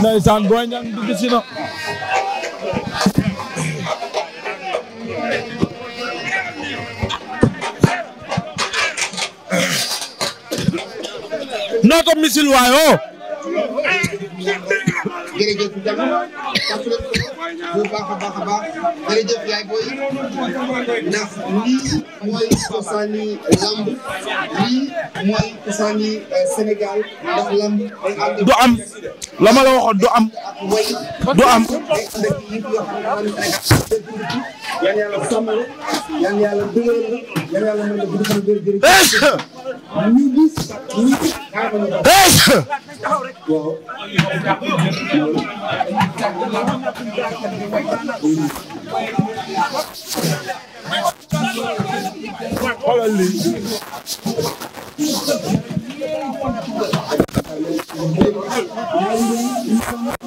ndeysaan si misil waay oo oh. bu baax a baax a baax jërëjëf yaay booy ndax lii mooy cosaani lamb lii mooy cosaani euh, Sénégal ndax lamb du am la ma la waxoon du am du am yan yàlla sàmmal yan yàlla dëgëral yan yàlla mën na gudd fan wér-gu-wér ñu gis ñu waaw. xoolal lii.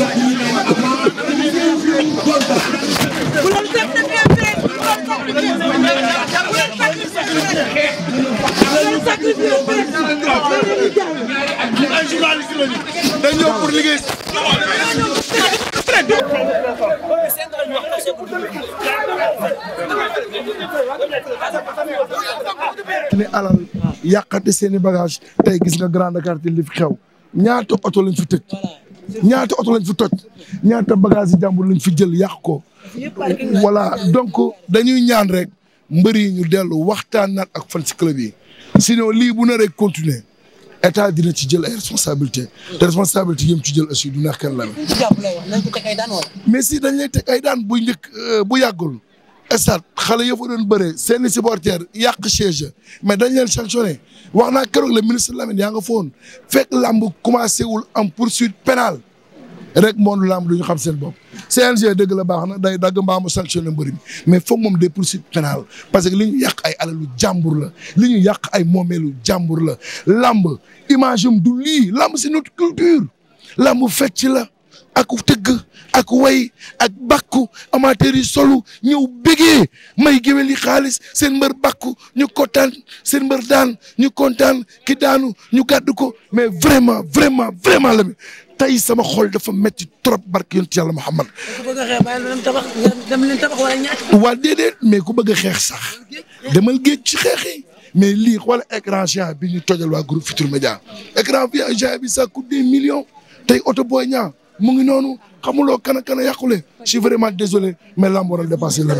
waaw ki ni alal yàqate seen i bagage tey gis nga grande Dakar te li ñaata oto lañ fi tëj ñaata oto lañ fi toj ñaata bagage yi jàmbur lañ fi jël yàq ko voilà donc dañuy ñaan rek mbër yi ñu dellu waxtaan naat ak fan si club yi sinon lii bu na rek continuer état dina ci jël ay responsabilité te responsabilité yëm ci jël aussi du neex kenn la mais si dañ lay teg ay daan bu njëkk euh, bu yàggul estat xale yëpp doon bëree seen i yàq siège mais dañ leen sanctionné wax naa keroog le ministre Lamine yaa nga foon fekk làmb commencé wul am poursuite pénal rek moom lamb du ñu xam seen bopp CNG dëgg la baax na day dagg mbaamu sanctionné mbëri mi mais foog moom des poursuites parce que li ñu yàq ay alalu jàmbur la li ñu yàq ay moomeelu jàmbur la lamb image am du lii lamb c'est notre culture lamb fecc la ak tëgg ak way ak bakku amateur yi solu ñëw bégee may géwél yi xaalis seen mbër bakku ñu kontaan seen mbër daan ñu kontaan ki daanu ñu gàddu ko mais vraiment vraiment vraiment la tey sama xol dafa métti trop barke yonent yàlla Muhammad. waa déedéet mais ku bëgg a xeex sax demal géej ci xeex yi mais lii wala écran géant bi ñu tojal waa groupe Futurs Médias écran géant bi ça coûte des millions oto booy ñaa mu ngi noonu xamuloo kan a kan a yàqule je suis vraiment désolé mais lamb waral dépassé la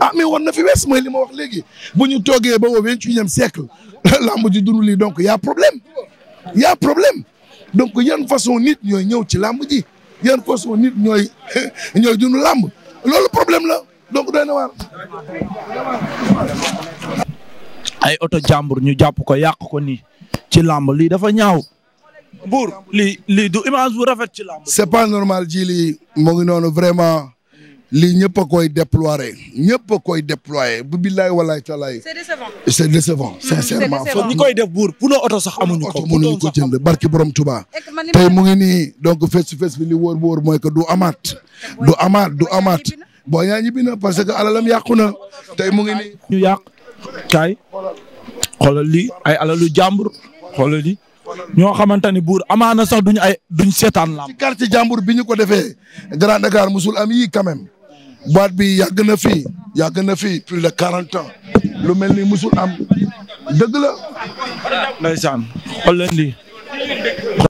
ah mais war na fi wees mooy li ma wax léegi bu ñu toogee ba au vingt-et-unième siècle lamb ji dund lii donc y a problème y problème donc yan façon nit ñooy ñëw ci làmb ji yan façon nit ñooy ñooy dund làmb loolu problème la donc doy ne waar. ay oto jàmbur ñu jàpp ko yàq ko nii ci làmb lii dafa ñaaw. buur lii lii du image bu rafet ci làmb. c'est pas normal ji lii mu ngi noonu vraiment. lii ñëpp a koy déployer ñëpp a koy déployer bu billaay walaay talaay. c'est décevant. c'est décevant mm-hmm. sincèrement. koy def buur pour oto sax amuñu ko. mënuñu ko jënd barki borom Touba. tey mu ngi nii donc face to face bi li wóor bu wóor mooy que du amaat. du amat du amaat. bo yaa ñibbi na parce que alalam yàqu na tey mu ngi nii. ñu yàq kaay xoolal lii ay alalu jàmbur xoolal lii. ñoo xamante ni buur amaana sax duñ ay duñ seetaan lamb. ci quartier jàmbur bi ñu ko defee Grand Dakar musul am yii boîte bi yàgg na fi yàgg na fi plus de quarante ans lu mel ni musul am dëgg la. ndeysaan xool leen